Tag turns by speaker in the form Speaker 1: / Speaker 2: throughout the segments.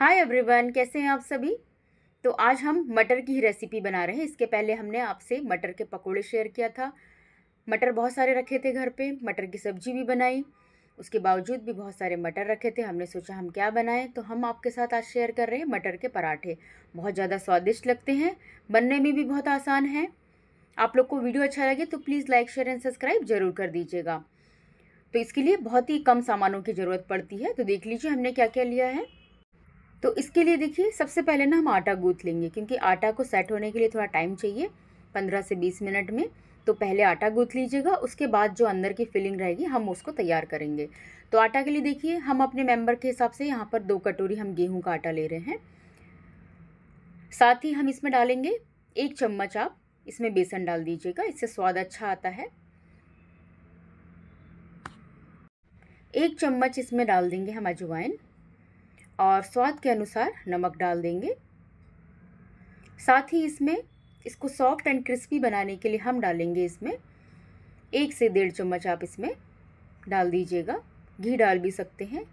Speaker 1: हाय everyone कैसे हैं आप सभी तो आज हम मटर की ही रेसिपी बना रहे हैं इसके पहले हमने आपसे मटर के पकोड़े शेयर किया था मटर बहुत सारे रखे थे घर पे मटर की सब्जी भी बनाई उसके बावजूद भी बहुत सारे मटर रखे थे हमने सोचा हम क्या बनाएं तो हम आपके साथ आज शेयर कर रहे हैं मटर के पराठे बहुत ज़्यादा स्वादिष्ट लगते हैं बनने में भी बहुत आसान है आप लोग को वीडियो अच्छा लगे तो please like share and subscribe ज़रूर कर दीजिएगा तो इसके लिए बहुत ही कम सामानों की ज़रूरत पड़ती है तो देख लीजिए हमने क्या क्या लिया है तो इसके लिए देखिए सबसे पहले ना हम आटा गूँथ लेंगे क्योंकि आटा को सेट होने के लिए थोड़ा टाइम चाहिए पंद्रह से बीस मिनट में तो पहले आटा गूँथ लीजिएगा उसके बाद जो अंदर की फिलिंग रहेगी हम उसको तैयार करेंगे तो आटा के लिए देखिए हम अपने मेंबर के हिसाब से यहाँ पर दो कटोरी हम गेहूँ का आटा ले रहे हैं साथ ही हम इसमें डालेंगे एक चम्मच आप इसमें बेसन डाल दीजिएगा इससे स्वाद अच्छा आता है एक चम्मच इसमें डाल देंगे हम अजवाइन और स्वाद के अनुसार नमक डाल देंगे साथ ही इसमें इसको सॉफ्ट एंड क्रिस्पी बनाने के लिए हम डालेंगे इसमें एक से डेढ़ चम्मच आप इसमें डाल दीजिएगा घी डाल भी सकते हैं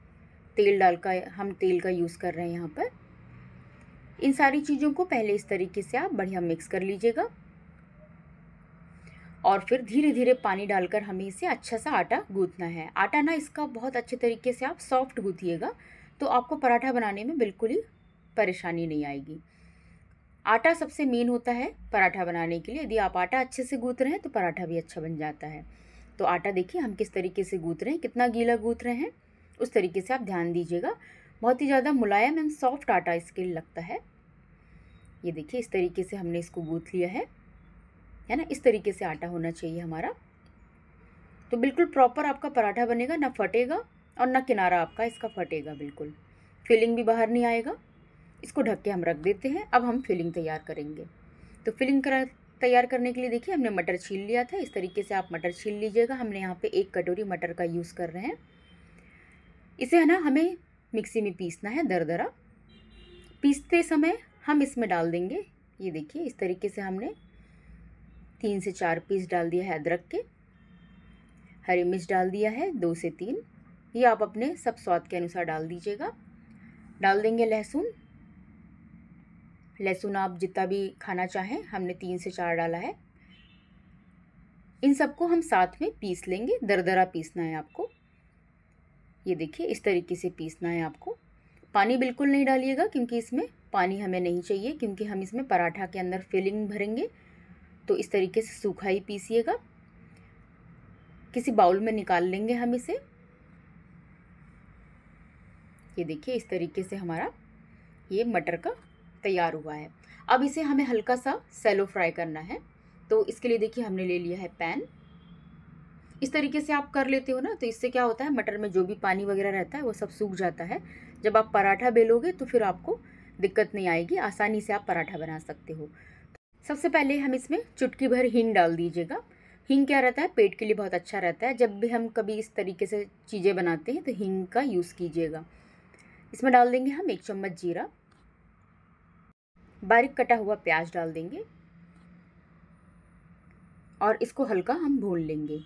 Speaker 1: तेल डाल का हम तेल का यूज़ कर रहे हैं यहाँ पर इन सारी चीज़ों को पहले इस तरीके से आप बढ़िया मिक्स कर लीजिएगा और फिर धीरे धीरे पानी डालकर हमें इसे अच्छा सा आटा गूँथना है आटा ना इसका बहुत अच्छे तरीके से आप सॉफ्ट गूँथिएगा तो आपको पराठा बनाने में बिल्कुल ही परेशानी नहीं आएगी आटा सबसे मेन होता है पराठा बनाने के लिए यदि आप आटा अच्छे से गूँथ रहे हैं तो पराठा भी अच्छा बन जाता है तो आटा देखिए हम किस तरीके से गूँथ रहे हैं कितना गीला गूँथ रहे हैं उस तरीके से आप ध्यान दीजिएगा बहुत ही ज़्यादा मुलायम एंड सॉफ्ट आटा इसके लिए लगता है ये देखिए इस तरीके से हमने इसको गूँथ लिया है है ना इस तरीके से आटा होना चाहिए हमारा तो बिल्कुल प्रॉपर आपका पराठा बनेगा ना फटेगा और ना किनारा आपका इसका फटेगा बिल्कुल फिलिंग भी बाहर नहीं आएगा इसको ढक के हम रख देते हैं अब हम फिलिंग तैयार करेंगे तो फिलिंग करा तैयार करने के लिए देखिए हमने मटर छील लिया था इस तरीके से आप मटर छील लीजिएगा हमने यहाँ पे एक कटोरी मटर का यूज़ कर रहे हैं इसे है ना हमें मिक्सी में पीसना है दरदरा पीसते समय हम इसमें डाल देंगे ये देखिए इस तरीके से हमने तीन से चार पीस डाल दिया है अदरक के हरी मिर्च डाल दिया है दो से तीन ये आप अपने सब स्वाद के अनुसार डाल दीजिएगा डाल देंगे लहसुन लहसुन आप जितना भी खाना चाहें हमने तीन से चार डाला है इन सबको हम साथ में पीस लेंगे दरदरा पीसना है आपको ये देखिए इस तरीके से पीसना है आपको पानी बिल्कुल नहीं डालिएगा क्योंकि इसमें पानी हमें नहीं चाहिए क्योंकि हम इसमें पराठा के अंदर फिलिंग भरेंगे तो इस तरीके से सूखा ही पीसिएगा किसी बाउल में निकाल लेंगे हम इसे ये देखिए इस तरीके से हमारा ये मटर का तैयार हुआ है अब इसे हमें हल्का सा सेलो फ्राई करना है तो इसके लिए देखिए हमने ले लिया है पैन इस तरीके से आप कर लेते हो ना तो इससे क्या होता है मटर में जो भी पानी वगैरह रहता है वो सब सूख जाता है जब आप पराठा बेलोगे तो फिर आपको दिक्कत नहीं आएगी आसानी से आप पराठा बना सकते हो सबसे पहले हम इसमें चुटकी भर हींग डाल दीजिएगा हींग क्या रहता है पेट के लिए बहुत अच्छा रहता है जब भी हम कभी इस तरीके से चीज़ें बनाते हैं तो हींग का यूज़ कीजिएगा इसमें डाल देंगे हम एक चम्मच जीरा बारीक कटा हुआ प्याज डाल देंगे और इसको हल्का हम भून लेंगे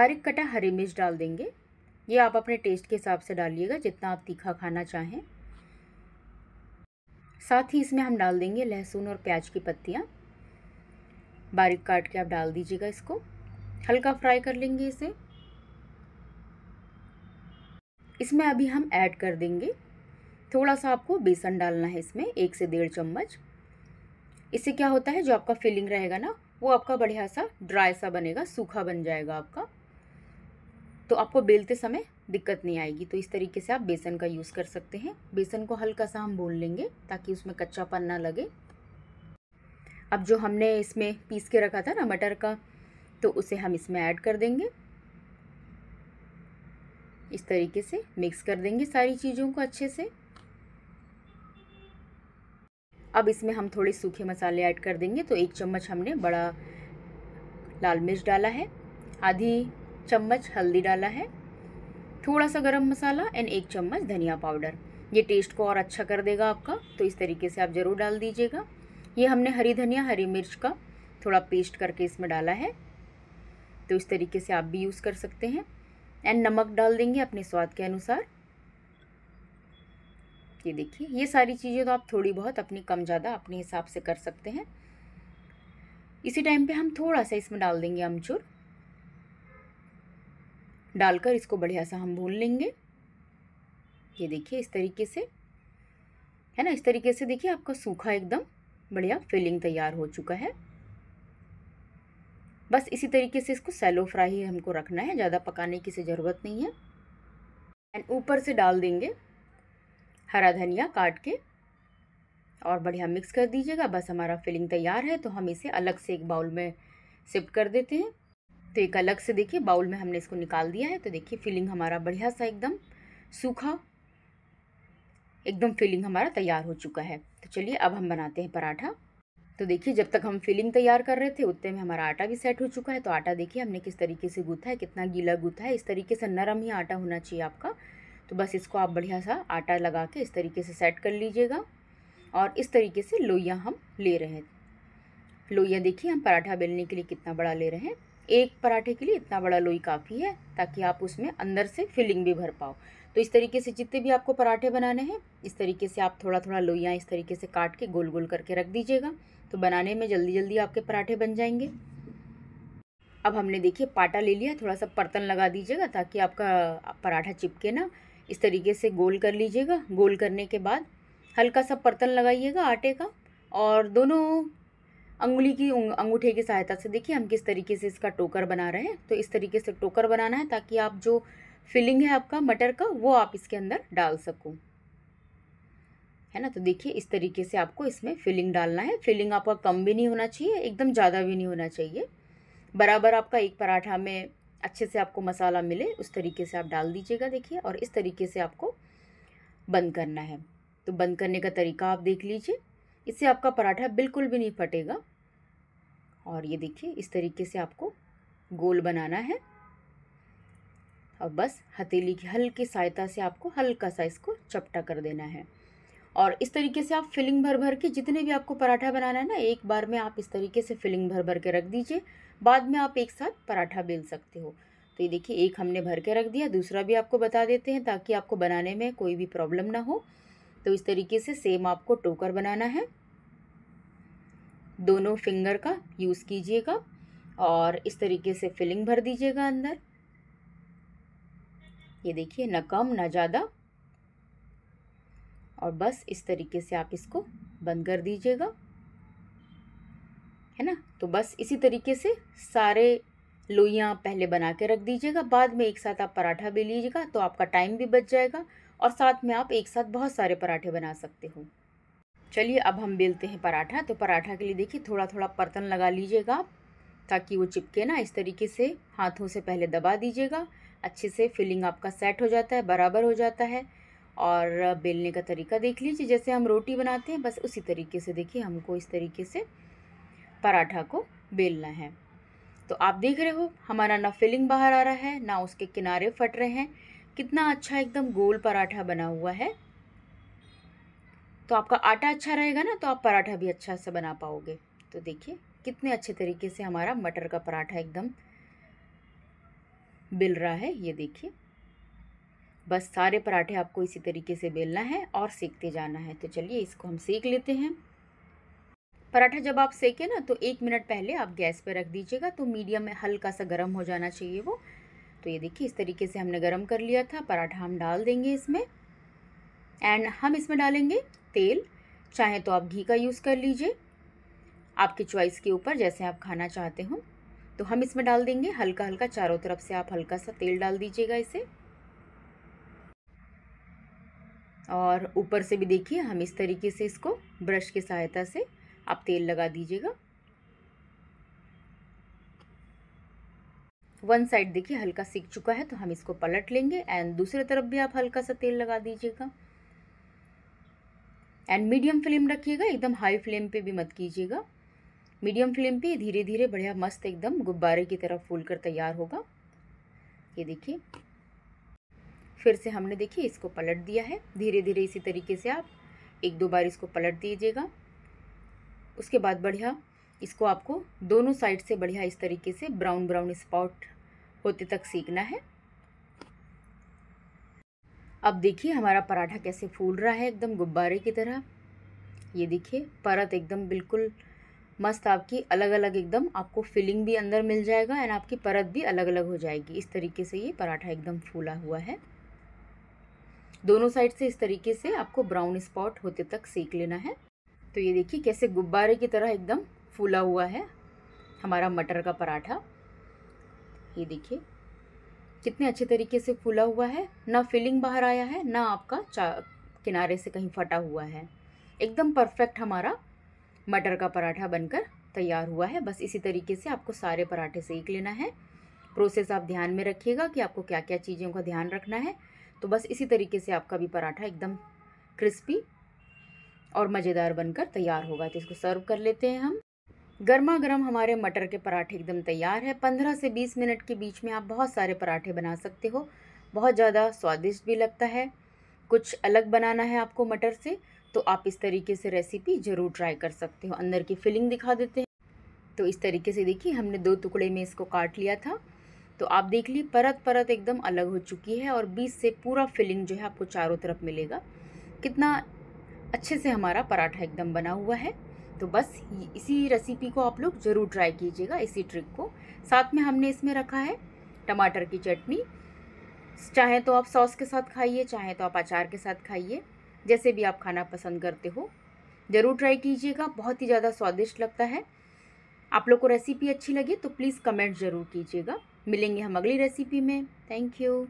Speaker 1: बारीक कटा हरी मिर्च डाल देंगे ये आप अपने टेस्ट के हिसाब से डालिएगा जितना आप तीखा खाना चाहें साथ ही इसमें हम डाल देंगे लहसुन और प्याज की पत्तियाँ बारीक काट के आप डाल दीजिएगा इसको हल्का फ्राई कर लेंगे इसे इसमें अभी हम ऐड कर देंगे थोड़ा सा आपको बेसन डालना है इसमें एक से डेढ़ चम्मच इससे क्या होता है जो आपका फिलिंग रहेगा ना वो आपका बढ़िया सा ड्राई सा बनेगा सूखा बन जाएगा आपका तो आपको बेलते समय दिक्कत नहीं आएगी तो इस तरीके से आप बेसन का यूज़ कर सकते हैं बेसन को हल्का सा हम भून लेंगे ताकि उसमें कच्चापन ना लगे अब जो हमने इसमें पीस के रखा था ना मटर का तो उसे हम इसमें ऐड कर देंगे इस तरीके से मिक्स कर देंगे सारी चीज़ों को अच्छे से अब इसमें हम थोड़े सूखे मसाले ऐड कर देंगे तो एक चम्मच हमने बड़ा लाल मिर्च डाला है आधी चम्मच हल्दी डाला है थोड़ा सा गरम मसाला एंड एक चम्मच धनिया पाउडर ये टेस्ट को और अच्छा कर देगा आपका तो इस तरीके से आप ज़रूर डाल दीजिएगा ये हमने हरी धनिया हरी मिर्च का थोड़ा पेस्ट करके इसमें डाला है तो इस तरीके से आप भी यूज़ कर सकते हैं एंड नमक डाल देंगे अपने स्वाद के अनुसार ये देखिए ये सारी चीज़ें तो आप थोड़ी बहुत अपनी कम ज़्यादा अपने हिसाब से कर सकते हैं इसी टाइम पे हम थोड़ा सा इसमें डाल देंगे अमचूर डालकर इसको बढ़िया सा हम भून लेंगे ये देखिए इस तरीके से है ना इस तरीके से देखिए आपका सूखा एकदम बढ़िया फिलिंग तैयार हो चुका है बस इसी तरीके से इसको सैलो फ्राई हमको रखना है ज़्यादा पकाने की से ज़रूरत नहीं है एंड ऊपर से डाल देंगे हरा धनिया काट के और बढ़िया मिक्स कर दीजिएगा बस हमारा फिलिंग तैयार है तो हम इसे अलग से एक बाउल में सिप कर देते हैं तो एक अलग से देखिए बाउल में हमने इसको निकाल दिया है तो देखिए फिलिंग हमारा बढ़िया सा एकदम सूखा एकदम फिलिंग हमारा तैयार हो चुका है तो चलिए अब हम बनाते हैं पराठा तो देखिए जब तक हम फिलिंग तैयार कर रहे थे उतने में हमारा आटा भी सेट हो चुका है तो आटा देखिए हमने किस तरीके से गूथा है कितना गीला गूथा है इस तरीके से नरम ही आटा होना चाहिए आपका तो बस इसको आप बढ़िया सा आटा लगा के इस तरीके से सेट कर लीजिएगा और इस तरीके से लोइया हम ले रहे हैं लोइया देखिए हम पराठा बेलने के लिए कितना बड़ा ले रहे हैं एक पराठे के लिए इतना बड़ा लोई काफ़ी है ताकि आप उसमें अंदर से फिलिंग भी भर पाओ तो इस तरीके से जितने भी आपको पराठे बनाने हैं इस तरीके से आप थोड़ा थोड़ा लोइयाँ इस तरीके से काट के गोल गोल करके रख दीजिएगा तो बनाने में जल्दी जल्दी आपके पराठे बन जाएंगे अब हमने देखिए पाटा ले लिया थोड़ा सा बर्तन लगा दीजिएगा ताकि आपका पराठा चिपके ना इस तरीके से गोल कर लीजिएगा गोल करने के बाद हल्का सा बर्तन लगाइएगा आटे का और दोनों अंगुली की अंगूठे की सहायता से देखिए हम किस तरीके से इसका टोकर बना रहे हैं तो इस तरीके से टोकर बनाना है ताकि आप जो फिलिंग है आपका मटर का वो आप इसके अंदर डाल सकूँ है ना तो देखिए इस तरीके से आपको इसमें फिलिंग डालना है फिलिंग आपका कम भी नहीं होना चाहिए एकदम ज़्यादा भी नहीं होना चाहिए बराबर आपका एक पराठा में अच्छे से आपको मसाला मिले उस तरीके से आप डाल दीजिएगा देखिए और इस तरीके से आपको बंद करना है तो बंद करने का तरीका आप देख लीजिए इससे आपका पराठा बिल्कुल भी नहीं फटेगा और ये देखिए इस तरीके से आपको गोल बनाना है और बस हथेली की हल्की सहायता से आपको हल्का सा इसको चपटा कर देना है और इस तरीके से आप फिलिंग भर भर के जितने भी आपको पराठा बनाना है ना एक बार में आप इस तरीके से फिलिंग भर भर के रख दीजिए बाद में आप एक साथ पराठा बेल सकते हो तो ये देखिए एक हमने भर के रख दिया दूसरा भी आपको बता देते हैं ताकि आपको बनाने में कोई भी प्रॉब्लम ना हो तो इस तरीके से सेम आपको टोकर बनाना है दोनों फिंगर का यूज़ कीजिएगा और इस तरीके से फिलिंग भर दीजिएगा अंदर ये देखिए ना कम ना ज़्यादा और बस इस तरीके से आप इसको बंद कर दीजिएगा है ना तो बस इसी तरीके से सारे लोइयाँ पहले बना के रख दीजिएगा बाद में एक साथ आप पराठा भी लीजिएगा तो आपका टाइम भी बच जाएगा और साथ में आप एक साथ बहुत सारे पराठे बना सकते हो चलिए अब हम बेलते हैं पराठा तो पराठा के लिए देखिए थोड़ा थोड़ा बर्तन लगा लीजिएगा आप ताकि वो चिपके ना इस तरीके से हाथों से पहले दबा दीजिएगा अच्छे से फिलिंग आपका सेट हो जाता है बराबर हो जाता है और बेलने का तरीका देख लीजिए जैसे हम रोटी बनाते हैं बस उसी तरीके से देखिए हमको इस तरीके से पराठा को बेलना है तो आप देख रहे हो हमारा ना फिलिंग बाहर आ रहा है ना उसके किनारे फट रहे हैं कितना अच्छा एकदम गोल पराठा बना हुआ है तो आपका आटा अच्छा रहेगा ना तो आप पराठा भी अच्छा से बना पाओगे तो देखिए कितने अच्छे तरीके से हमारा मटर का पराठा एकदम बिल रहा है ये देखिए बस सारे पराठे आपको इसी तरीके से बेलना है और सेकते जाना है तो चलिए इसको हम सेक लेते हैं पराठा जब आप सेकें ना तो एक मिनट पहले आप गैस पर रख दीजिएगा तो मीडियम में हल्का सा गर्म हो जाना चाहिए वो तो ये देखिए इस तरीके से हमने गर्म कर लिया था पराठा हम डाल देंगे इसमें एंड हम इसमें डालेंगे तेल चाहे तो आप घी का यूज़ कर लीजिए आपकी चॉइस के ऊपर जैसे आप खाना चाहते हो तो हम इसमें डाल देंगे हल्का हल्का चारों तरफ से आप हल्का सा तेल डाल दीजिएगा इसे और ऊपर से भी देखिए हम इस तरीके से इसको ब्रश की सहायता से आप तेल लगा दीजिएगा वन साइड देखिए हल्का सीख चुका है तो हम इसको पलट लेंगे एंड दूसरे तरफ भी आप हल्का सा तेल लगा दीजिएगा एंड मीडियम फ्लेम रखिएगा एकदम हाई फ्लेम पे भी मत कीजिएगा मीडियम फ्लेम पे धीरे धीरे बढ़िया मस्त एकदम गुब्बारे की तरह फूल कर तैयार होगा ये देखिए फिर से हमने देखिए इसको पलट दिया है धीरे धीरे इसी तरीके से आप एक दो बार इसको पलट दीजिएगा उसके बाद बढ़िया इसको आपको दोनों साइड से बढ़िया इस तरीके से ब्राउन ब्राउन स्पॉट होते तक सीखना है अब देखिए हमारा पराठा कैसे फूल रहा है एकदम गुब्बारे की तरह ये देखिए परत एकदम बिल्कुल मस्त आपकी अलग अलग एकदम आपको फिलिंग भी अंदर मिल जाएगा एंड आपकी परत भी अलग अलग हो जाएगी इस तरीके से ये पराठा एकदम फूला हुआ है दोनों साइड से इस तरीके से आपको ब्राउन स्पॉट होते तक सेक लेना है तो ये देखिए कैसे गुब्बारे की तरह एकदम फूला हुआ है हमारा मटर का पराठा ये देखिए कितने अच्छे तरीके से फूला हुआ है ना फिलिंग बाहर आया है ना आपका चा किनारे से कहीं फटा हुआ है एकदम परफेक्ट हमारा मटर का पराठा बनकर तैयार हुआ है बस इसी तरीके से आपको सारे पराठे सेक लेना है प्रोसेस आप ध्यान में रखिएगा कि आपको क्या क्या चीज़ों का ध्यान रखना है तो बस इसी तरीके से आपका भी पराठा एकदम क्रिस्पी और मज़ेदार बनकर तैयार होगा तो इसको सर्व कर लेते हैं हम गर्मा गर्म हमारे मटर के पराठे एकदम तैयार है पंद्रह से बीस मिनट के बीच में आप बहुत सारे पराठे बना सकते हो बहुत ज़्यादा स्वादिष्ट भी लगता है कुछ अलग बनाना है आपको मटर से तो आप इस तरीके से रेसिपी ज़रूर ट्राई कर सकते हो अंदर की फिलिंग दिखा देते हैं तो इस तरीके से देखिए हमने दो टुकड़े में इसको काट लिया था तो आप देख ली परत परत एकदम अलग हो चुकी है और बीच से पूरा फिलिंग जो है आपको चारों तरफ मिलेगा कितना अच्छे से हमारा पराठा एकदम बना हुआ है तो बस इसी रेसिपी को आप लोग ज़रूर ट्राई कीजिएगा इसी ट्रिक को साथ में हमने इसमें रखा है टमाटर की चटनी चाहे तो आप सॉस के साथ खाइए चाहे तो आप अचार के साथ खाइए जैसे भी आप खाना पसंद करते हो ज़रूर ट्राई कीजिएगा बहुत ही ज़्यादा स्वादिष्ट लगता है आप लोग को रेसिपी अच्छी लगी तो प्लीज़ कमेंट ज़रूर कीजिएगा मिलेंगे हम अगली रेसिपी में थैंक यू